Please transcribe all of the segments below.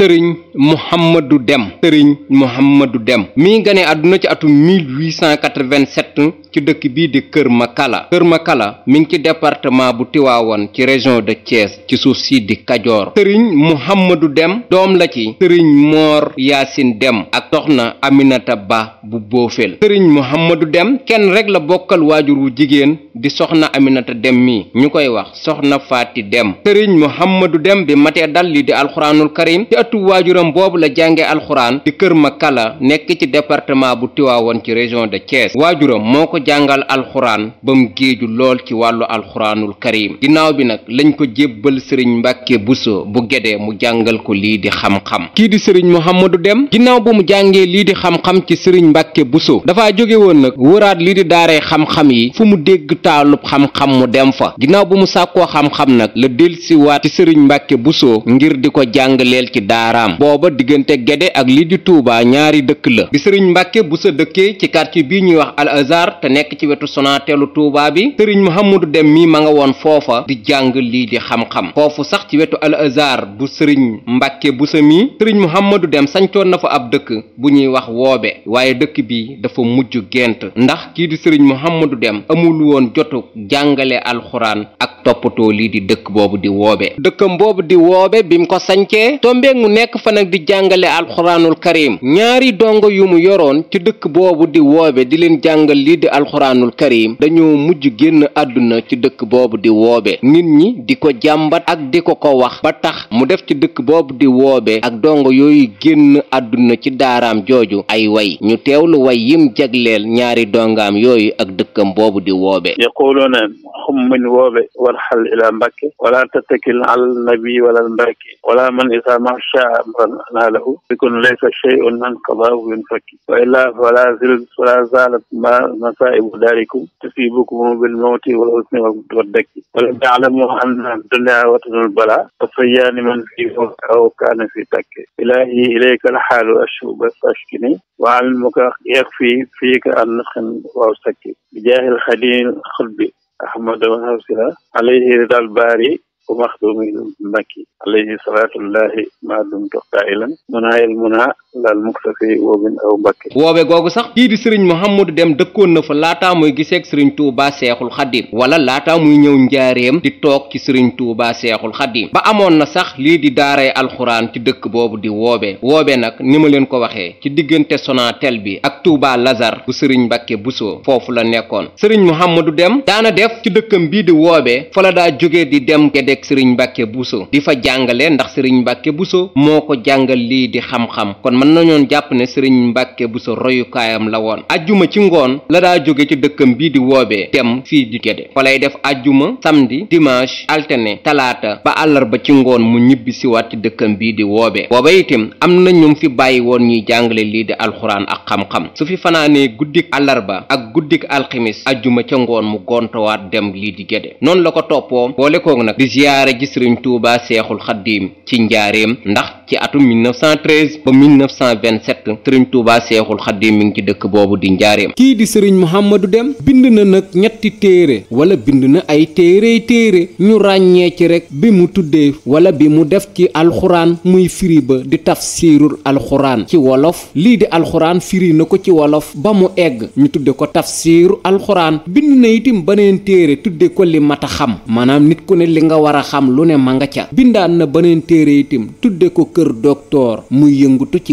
sëriñ Mouhamadou Deme sëriñ Mouhamadou dem mi ngi gane àdduna ci atum 1887 ci dëkk bii di Kër Makala Kër Makala mi ngi ci département bu Tiwaawan ci région de Thiès ci suuf si di Kajoor sëriñ Mouhamadou Dem doom la ci sëriñ Moor Yaasin Dem ak soxna Aminata Ba bu Boofel sëriñ Mouhamadou Dem kenn rek la bokkal waajur wu jigéen di soxna Aminata Dem mi ñu koy wax soxna Faati Dem sëriñ Mouhamadou Dem bi matee dal li di alxuraanul karim ci ëttu waajuram boobu la jàngee alxuraan di Kër Makala nekk ci département bu Tiwaawan ci région de Thiès waajuram moo ko jàngal alxuraan ba mu géeju lool ci wàllu alxuraanul karim ginnaaw bi nag lañ ko jébbal sëriñ mbàkke bu so bu gede mu jàngal ko lii di xam-xam kii di sëriñ xam ma du dem ginnaaw bu mu jàngee lii di xam-xam ci sëriñ mbàkke buso dafa jóge woon nag wëraat lii di daaree xam-xam yi fu mu dégg taalub xam-xam mu dem fa ginnaaw bu mu sàkkoo xam-xam nag la delsiwaat ci sëriñ mbàkke buso ngir di ko jàngaleel ci daaraam booba diggante gede ak lii nekk ci wetu Sonatelu Touba bi sëriñ Mouhamadou Dem mii ma nga woon foofa di jàng lii di xam-xam foofu sax ci wetu Al Azhar bu sëriñ Mbàkke bu sa mi sëriñ Mouhamadou Dem sancoon na fa ab dëkk bu ñuy wax woobe waaye dëkk bii dafa mujj gent ndax kii di sëriñ Mouhamadou Dem amul woon jotu jàngale alxuraan ak toppatoo lii di dëkk boobu di woobe dëkkam boobu di woobe bi mu ko sancee tombeeg mu nekk fa di jàngale alxuraanul karim ñaari dongo yu mu yoroon ci dëkk boobu di woobe di leen jàngal lii di alxuraanul karim dañoo mujj génn àdduna ci dëkk boobu di woobe nit ñi di ko jàmbat ak di ko ko wax ba tax mu def ci dëkk boobu di woobe ak dongo yooyu génn àdduna ci daaraam jooju ay way ñu teew lu way yim jagleel ñaari dongaam yooyu ak dëkkam boobu di woobe marhal ila Mbacke wala tattakil alal nabi wala Mbacke wala man isa ma shaa amran anaalahu bikun laysa shay'un man qadaahu yunfaki wa illaa fala zil fala zalat ma masaibu daarikum tusibukum bil mawti wal husni wa dakki wala taalamu anna dunya watanul bala wa sayyaani man fi aw kaana fi takke ilahi ilayka alxaalu ashuba tashkini wa almuka yakfi fiika an nafsin waaw sakki bi jaahil xadil xutbi ahmada hasila alayhi ridal baari wa maxdumi makki alayhi salatullahi ma dumtu qailan munayil muna lal woobe googu sax kii di sëriñ xam du Dem dëkkoon na fa laata muy giseeg sëriñ Touba Seexul Xaddim wala laataa muy ñëw njaareem di toog ci sëriñ tuuba Seexul Xaddim ba amoon na sax lii di daaray alxuraan ci dëkk boobu di woobe woobe nag ni ma leen ko waxee ci diggante Sonatel bi ak Touba Lazare bu sëriñ Mbàkke Bousso foofu la nekkoon sëriñ xam du Dem daana def ci dëkkam bii di woobe fa la daa jóge di dem gedeg sëriñ Mbàkke Bousso di fa jàngale ndax sëriñ Mbàkke Bousso moo ko jàngal lii di xam mën nañoon jàpp ne sëriñ mbàkke bu sa royukaayam la woon ajjuma ci ngoon la daa jóge ci dëkkam bii di woobee dem fii di géde fa lay def ajjuma samedi dimanche altene talaata ba àllarba ci ngoon mu ñibbi siwaat ci dëkkam bii di woobee ba itam am na ñum fi bàyyi woon ñuy jàngale lii di alxuraan ak xam-xam su fi fanaanee guddik àllarba ak guddik alximis ajjuma ca ngoon mu gontowaat dem lii di géde noonu la ko toppoo boole koog nag di ziyaare ji sëriñ seexul xaddiim ci njaareem 1927 sëriñ Touba Seexul Xaddim mi ngi ci dëkk boobu di njaareem kii di sëriñ Mouhamadou Dem bind na nag ñetti téere wala bind na ay téerey téere ñu ràññee ci rek bi mu tuddee wala bi mu def ci alxuraan muy firi ba di tafsirul alxuraan ci wolof lii di alxuraan firi na ko ci wolof ba mu egg ñu tuddee ko tafsiru alxuraan bind na itim beneen téere tuddee ko li mat a xam maanaam nit ku ne li nga war a xam lu ne ma nga ca bindaan na beneen téere itim tudde ko kër docteur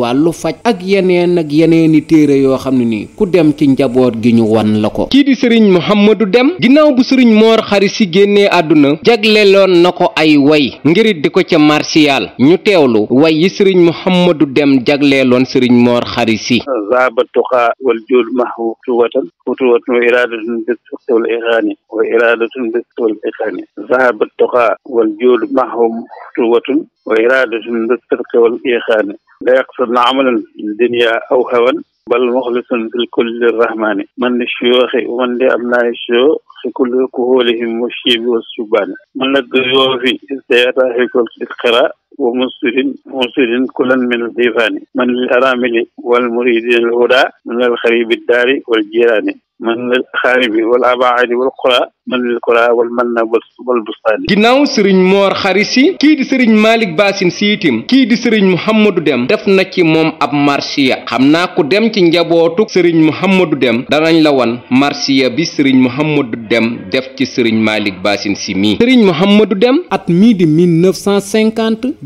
wàllu faj ak yeneen ak yeneeni téere yoo xam ne nii ku dem ci njaboot gi ñu wan la ko kii di sëriñ Mouhamadou Dem ginnaaw bu sëriñ moor Xari Si génnee àdduna jagleloon na ko ay way ngir di ko ca marsiyaal ñu teewlu way yi sëriñ Mouhamadou Dem jagleeloon sëriñ moor Xari Si zaaba wal juul mahwu tuwatan kutuwatan wa iraadatun bis suqi wal iqaani wa iraadatun bis suqi wal iqaani zaaba tuqaa wal juul لا يقصدن عملا للدنيا أو هوى بل مخلص في الكل الرحمن من للشيوخ ومن لأبناء الشيوخ في كل كهولهم والشيب والسبان من للضيوف إذ يتاهك القراء wa mustirin mustirin kulan min difaani man lil aramili wal muridin al huda man lil xaribi daari wal jiraani man lil xaaribi wal abaadi wal qura man lil qura bustaani ginnaaw sëriñ moor xari si kii di sëriñ malik baasin si itim kii di sëriñ muhammadu dem def na ci moom ab marsiya xam naa ku dem ci njabootu sëriñ muhammadu dem danañ la wan marsiya bi sëriñ muhammadu dem def ci sëriñ malik baasin si mii sëriñ muhammadu dem at mii di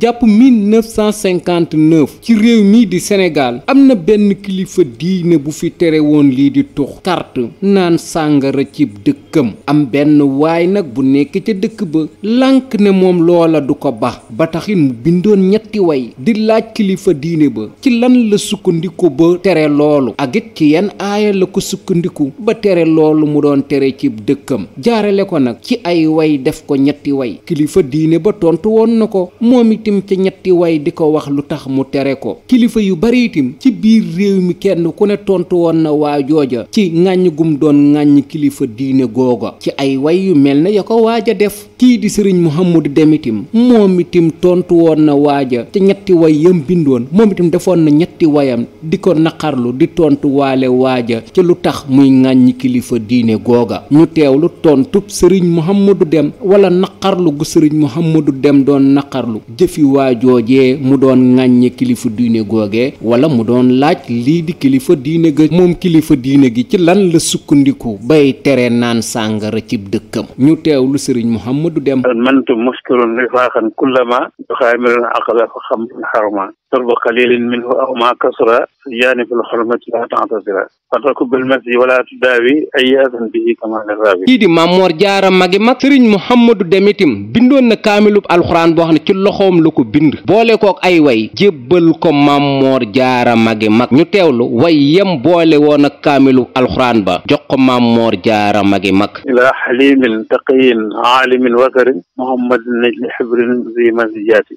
jàpp 1959 ci réew mii di senegal am na benn kilifa diine bu fi tere woon lii di tux carte naan sàngara ci dëkkam am benn waay nag bu nekk ca dëkk ba lànk ne moom loola du ko ba ba taxit mu bindoon ñetti way di laaj kilifa diine ba ci lan la sukkandiku ba tere loolu ak ci yenn aaya la ko sukkandiku ba tere loolu mu doon tere ci dëkkam jaarale ko nag ci ay way def ko ñetti way kilifa diine ba tontu woon na ko moom ci ñetti way di ko wax lu tax mu tere ko kilifa yu bari itam ci biir réew mi kenn ku ne tontu woon na waa jooja ci ŋàññ gum doon ŋàññ kilifa diine googa ci ay way yu mel ne ya ko waaja def kii di sëriñ Mouhamadou Dem itam moom itam tontu woon na waaja ca ñetti way yam bindoon moom itam defoon na ñetti wayam di ko naqarlu di tontu waale waaja ca lu tax muy ŋàññi kilifa diine googa ñu teewlu tontub sëriñ Mouhamadou Dem wala naqarlu gu sëriñ Mouhamadou Dem doon naqarlu jëfi waajoojee mu doon ŋàññi kilifa diine googe wala mu doon laaj lii di kilifa diine ga moom kilifa diine gi ci lan la sukkandiku bay tere naan sàngara cib dëkkam ñu teewlu sëriñ Mouhamadou Amadou Deme. man mantu muskirun rifaaxan kullama. doxaay meloon aqala fa xam xaruma. درب قليل منه أو ما كسر جانب الحرمة لا تعتذر فترك بالمسجد ولا تداوي أي أذن به كما للراوي kii di Maam Mor Jaara magi mag Sëriñ Muhammadu Dem itam bindoon na kaamilub alxuraan boo xam ne ci loxoom la ko bind boole kook ay way jébbal ko Maam Mor Jaara magi mag ñu teewlu way yem boole woon ak kaamilub alxuraan ba jox ko Maam Mor Jaara magi mag ilaa xalimin taqiyin aalimin wakarin muhammadin najli xibrin zi mansijaati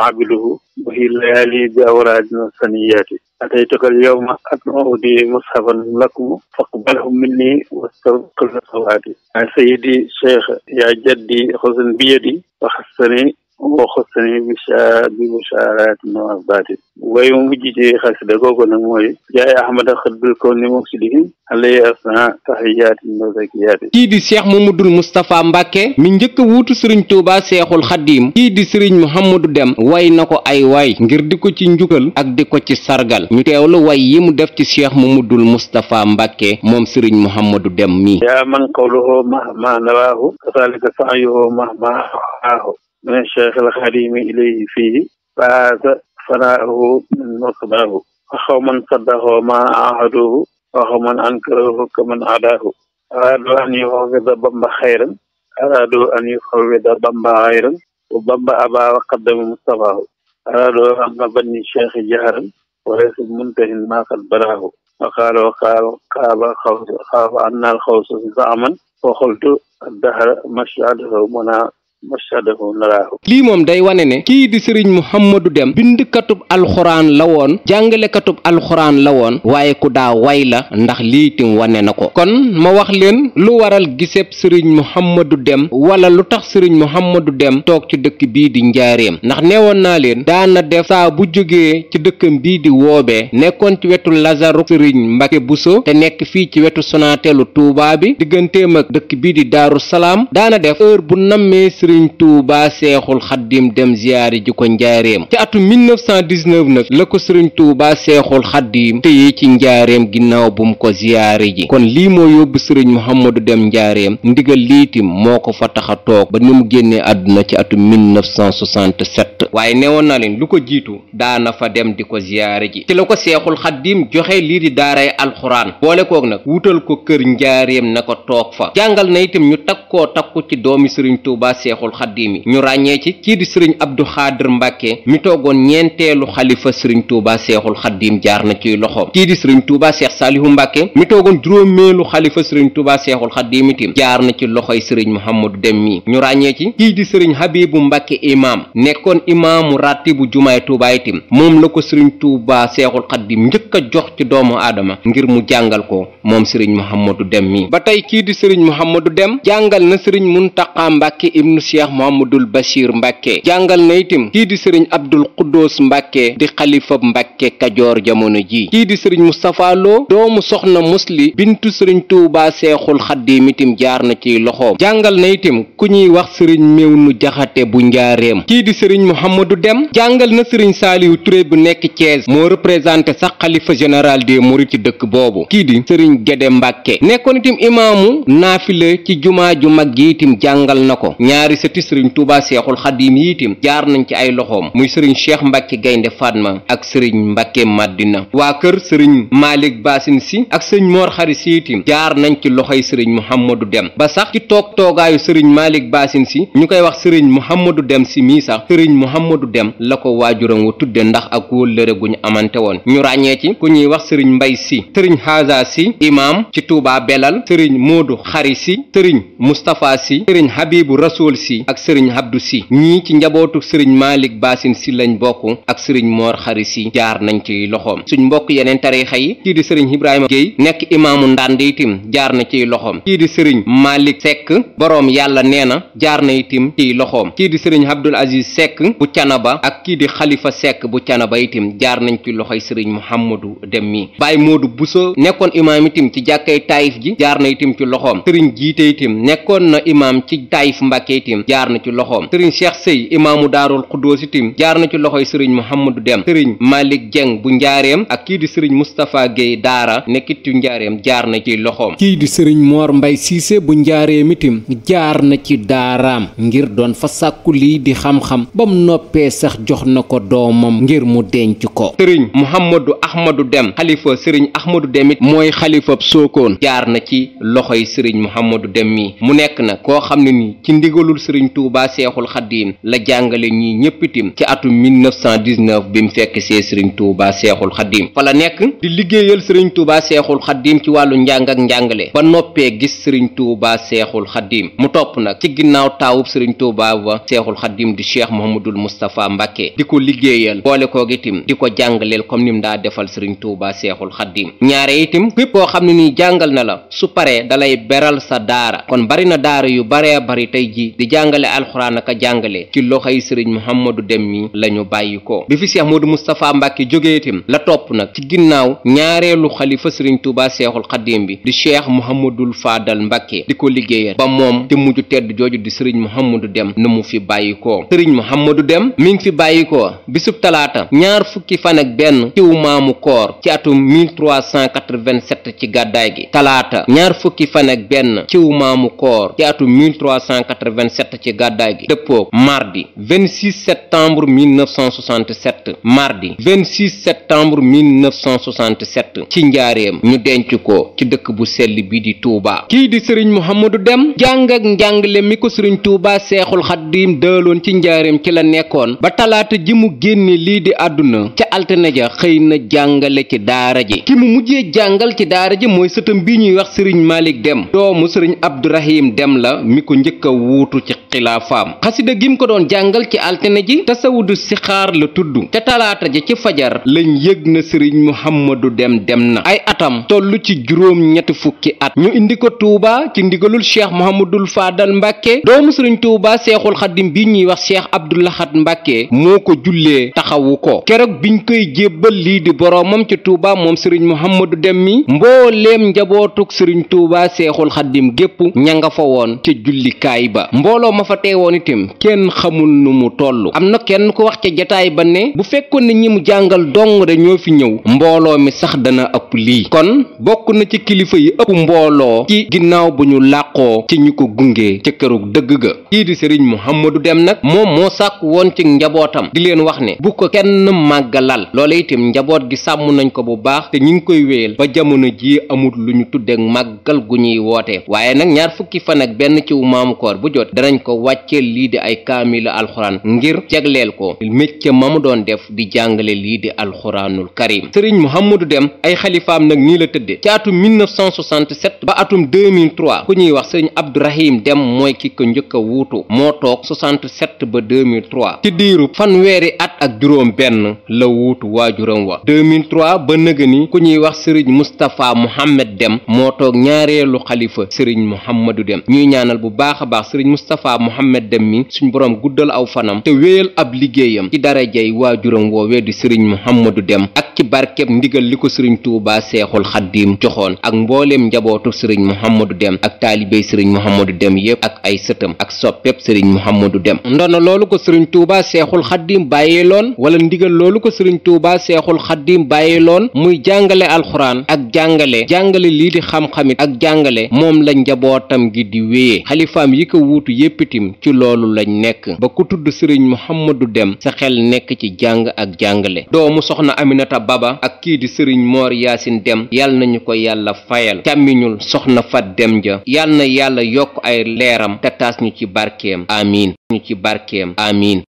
عبده وهي الليالي بأوراد وثنيات أتيتك اليوم أودي مصحفا لكم فاقبله مني واسترق لسواتي يا سيدي شيخ يا جدي خذ بيدي وحسني waxusanimisa bi musarat nawaf baati way mu mujj ci xasida googu nag mooy jaay ahmada xëddul ko ni di mbàkke mi njëkk a wuutu sëriñ tuuba seexul xaddiim kii di sëriñ muhammadu dem way na ko ay waay ngir di ko ci njukkal ak di ko ci sargal ñu teewlu way yi mu def ci cheikh mamadul moustapha mbàkke moom sëriñ muhammadu dem mi yaa man qawluhu mahma nawaahu kazalika sa'yuhu mahma aahu من الشيخ الخديم إليه فيه فاز فناؤه من نصباه أخو من صدقه ما عاهده وأخو من أنكره كمن عداه أرادوا أن يفوض بمبا خيرا أرادوا أن يفوض بمبا غيرا وبمبا أبا وقدم مصطفاه أرادوا أن بني الشيخ جهرا وليس منتهي ما قد براه وقال وقال قاب خاف عنا الخوص زعما وقلت الدهر مشعده منا lii moom day wane ne kii di sëriñ Mouhamadou dem bindkatub alxuraan la woon jàngalekatub alxuraan la woon waaye ku daa way la ndax lii wane na ko kon ma wax leen lu waral giseb sëriñ Mouhamadou dem wala lu tax sëriñ Mouhamadou dem toog ci dëkk bii di njaareem ndax neewoon naa leen daana def saa bu jógee ci dëkkam bii di woobe nekkoon ci wetu lazaru sëriñ Mbacke Bousso te nekk fii ci wetu sonateelu tuubaa bi digganteem ak dëkk bii di Daaru Salaam daana sëriñ tuuba seexul xaddim dem ziyaari ji ko njaareem ci atu 1919 nag la ko sëriñ tuuba seexul xaddim téye ci njaareem ginnaaw bu bum ko ziyaari ji kon lii moo yóbbu sëriñ muhammadu dem njaareem ndigal liitim moo ko fa taxa toog ba ni mu génnee àdduna ci atu 1967 waaye newoon na leen lu ko jiitu daana fa dem di ko ziyaari ji ci la ko seexul xaddim joxe lii di daaray alxuraan boole koog nag wutal ko kër njaareem na ko toog fa jàngal na itam ñu takkoo takku seexul xaddiim yi ñu ràññee ci kii di sëriñ abdu xaadir mbàkke mi toogoon ñeenteelu xalifa sëriñ tuuba seexul xaddiim jaar na ciy loxoom kii di sëriñ tuuba seex saalihu mbàkke mi toogoon juróomeelu xalifa sëriñ tuuba seexul xaddiim itim jaar na ci loxoy sëriñ muhammadu dem mi ñu ràññee ci kii di sëriñ habibu mbàkke imaam nekkoon imaamu ràttibu jumaay tuuba itim moom la ko sëriñ tuuba seexul xaddiim njëkk a jox ci doomu aadama ngir mu jàngal ko moom sëriñ muhammadu dem mi ba tey kii di sëriñ muhammadu dem jàngal na sëriñ muntaqa cheikh mohamadul bachir mbàkke jàngal na itim kii di sëriñ abdul quddoos mbàkke di xalifa mbàkke kajoor jamono ji kii di sëriñ mustapha loo doomu soxna musli bintu sëriñ tuubaa seexul xaddiim itim jaar na ci loxoom jàngal na itim ku ñuy wax sëriñ méew nu jaxate bu njaareem kii di sëriñ mouhamadou dem jàngal na sëriñ saaliwu turé bu nekk Thiès moo représenté sax xalifa général des mourides ci dëkk boobu kii di sëriñ gédé mbàkke nekkoon itim imaamu ju mag ji itim na sëti sëriñ Touba Seexul Xadim yi itam jaar nañ ci ay loxoom muy sëriñ Cheikh Mbacke Gaynde Fatma ak sëriñ Mbacke Madina waa kër sëriñ Malick baasin si ak sëriñ moor Xari si itam jaar nañ ci loxoy sëriñ Mouhamadou Dem ba sax ci toog toogaayu sëriñ Malick Basin si ñu koy wax sëriñ Mouhamadou Dem si mii sax sëriñ Mouhamadou Dem la ko waajuram wu tudde ndax ak wóllëre gu ñu amante woon ñu ràññee ci ku ñuy wax sëriñ Mbay si sëriñ Haza si imaam ci Touba Belal sëriñ Modou Xari si sëriñ Moustapha si ak sëriñ Abdou si ñii ci njabootu sëriñ Malick Bassine si lañ bokk ak sëriñ Mor Xari si jaar nañ ci loxoom suñ mbokk yeneen tariixa yi kii di sëriñ Ibrahima Guèye nekk imaamu Ndande itim jaar na ci loxoom kii di sëriñ Malick Seck boroom yàlla nee na jaar na itim ci loxoom kii di sëriñ Abdoul Aziz Seck bu Canaba ak kii di Xalifa Seck bu Canaba itim jaar nañ ci loxoy sëriñ Mouhamadou Dem mi Baye Modou Bousso nekkoon imaam itim ci jàkkay Taïf ji tim jaar na ci loxoom sëriñ cheikh sëy imaamu daarul xuddoosi jaar na ci loxoy sëriñ mouhamadou dem sëriñ malik jeng bu njaareem ak kii di sëriñ moustapha gueye daara nekkit ci njaareem jaar na ci loxoom kii di sëriñ moor mbay siise bu njaareem itim jaar na ci daaraam ngir doon fa sàkku lii di xam-xam bam noppee sax jox na ko doomam ngir mu denc ko sëriñ mouhamadou ahmadou dem xalifa sëriñ ahmadou dem it mooy xalifab sookoon jaar na ci loxo yi sëriñ mouhamadou dem mi sëriñ tuubaa seexul xaddiim la jàngale ñii ñépp itam ci atum 1919 bi mu fekk see sëriñ tuubaa seexul xaddiim fa la nekk di liggéeyal sëriñ tuubaa seexul xaddiim ci wàllu njàng ak njàngale ba noppee gis sëriñ tuubaa seexul xaddiim mu topp nag ci ginnaaw taawub sëriñ tuubaa ba seexul xaddiim di cheikh mohamadul moustapha mbàkke di ko liggéeyal boole koo itam di ko jàngaleel comme ni mu daa defal sëriñ tuubaa seexul xaddiim ñaare itam képp koo xam ne nii jàngal na la su paree dalay beral sa daara kon bari na daara yu baree bari tey ji jàngale alxuraan aka jàngale ci loxo loxoy sëriñ Mouhamadou Dem mi la ñu bàyyi ko bi fi Cheikh Modou Moustapha Mbacke jógee itam la topp nag ci ginnaaw ñaareelu xalifa sëriñ Touba Cheikhul Xadim bi di Cheikh Mouhamadul Fadal Mbacke di ko liggéeyal ba moom te ju tedd jooju di sëriñ Mouhamadou Dem nu mu fi bàyyi ko sëriñ Mouhamadou Dem mi ngi fi bàyyi ko bisub talaata ñaar fukki fan ak benn ciw maamu koor ci atum 1387 ci gàddaay gi talaata ñaar fukki fan ak benn ciw maamu koor ci sept ci gàddaay gi dëppoog mardi 26 septembre 1967 mardi 26 septembre 1967 ci njaareem ñu denc ko ci dëkk bu sell bi di Touba. kii di sëriñ Mouhamadou Deme jàng ak njàngale mi ko sëriñ Touba seexul xaddiim dëloon ci njaareem ci la nekkoon ba talaata ji mu génne lii di àdduna ca altine ja xëy na jàngale ci daara ji ki mu mujjee jàngal ci daara ji mooy sëtam bi ñuy wax sëriñ Malick Deme doomu sëriñ Abdourahim Deme la mi ko njëkk a wuutu ci xilaafaam xasida gim ko doon jàngal ci altine ji tasawudu sixaar la tudd te talaata ja ci fajar lañ yëg na sëriñ muhammadu dem dem na ay atam toll ci juróom ñetti fukki at ñu indi ko tuuba ci ndigalul cheikh mohamadul faadal mbàkke doomu sëriñ tuuba seexul xadim bi ñuy wax cheikh abdulahat mbàkke moo ko jullee taxawu ko keroog biñ koy jébbal lii di boroomam ci tuuba moom sëriñ muhammadu dem mi mbooleem njabootuk sëriñ tuuba seexul xadim gépp ña nga fa woon ca jullikaay ba mbooloo ma fa teewoon itam kenn xamul nu mu toll am na kenn ko wax ca jataay ba ne bu fekkoon ne ñi mu jàngal dong de ñoo fi ñëw mbooloo mi sax dana ëpp lii kon bokk na ci kilifa yi ëpp mbooloo ci ginnaaw bu ñu làqoo ci ñu ko gunge ca kërug dëgg ga kii di sëriñ Muhammadu Dem nag moom moo sàkk woon ci njabootam di leen wax ne bu ko kenn màggalal loola itam njaboot gi sàmm nañ ko bu baax te ñi ngi koy wéyal ba jamono ji amut lu ñu tudde màggal gu ñuy woote waaye nag ñaar fukki fan ak benn danañ ko wàcceel lii di ay kaamila alxuraan ngir jagleel ko mécce ma mu doon def di jàngale lii di alxuraanul karim sëriñ Mouhamadou Dem ay xalifaam nag nii la tëdde ci atum 1967 ba atum 2003 ku ñuy wax sëriñ Abdourahim Dem mooy ki ko njëkk a wuutu moo toog 67 ba 2003 ci diiru fanweeri at ak juróom benn la wuutu waajuram wa 2003 ba nëga ni ku ñuy wax sëriñ Moustapha Mohamed Dem moo toog ñaareelu xalifa sëriñ Mouhamadou Dem ñuy ñaanal bu baax baax sëriñ Moustapha Moustapha Mohamed Dem mi suñ boroom guddal aw fanam te wéyal ab liggéeyam ci darajey waajuram woowee di sëriñ Mouhamadou Dem ak ci barkeb ndigal li ko sëriñ Touba Seexul Xaddiim joxoon ak mbooleem njabootu sëriñ Mouhamadou Dem ak taalibey sëriñ Mouhamadou Dem yépp ak ay sëtam ak soppeb sëriñ Mouhamadou Dem ndono loolu ko sëriñ Touba Seexul Xaddiim bàyyee loon wala ndigal loolu ko sëriñ Touba Seexul Xaddiim bàyyee loon muy jàngale alxuraan ak jàngale jàngale lii di xam-xamit ak jàngale moom la lépp itam ci loolu lañ nekk ba ku tudd sëriñ Mouhamadou dem sa xel nekk ci jàng ak jàngale doomu soxna Aminata Baba ak kii di sëriñ Mor Yacine dem yal nañu ko yàlla fayal càmmiñul soxna Fat dem ja yal na yàlla yokk ay leeram te taas ñu ci barkeem amiin ñu ci barkeem amiin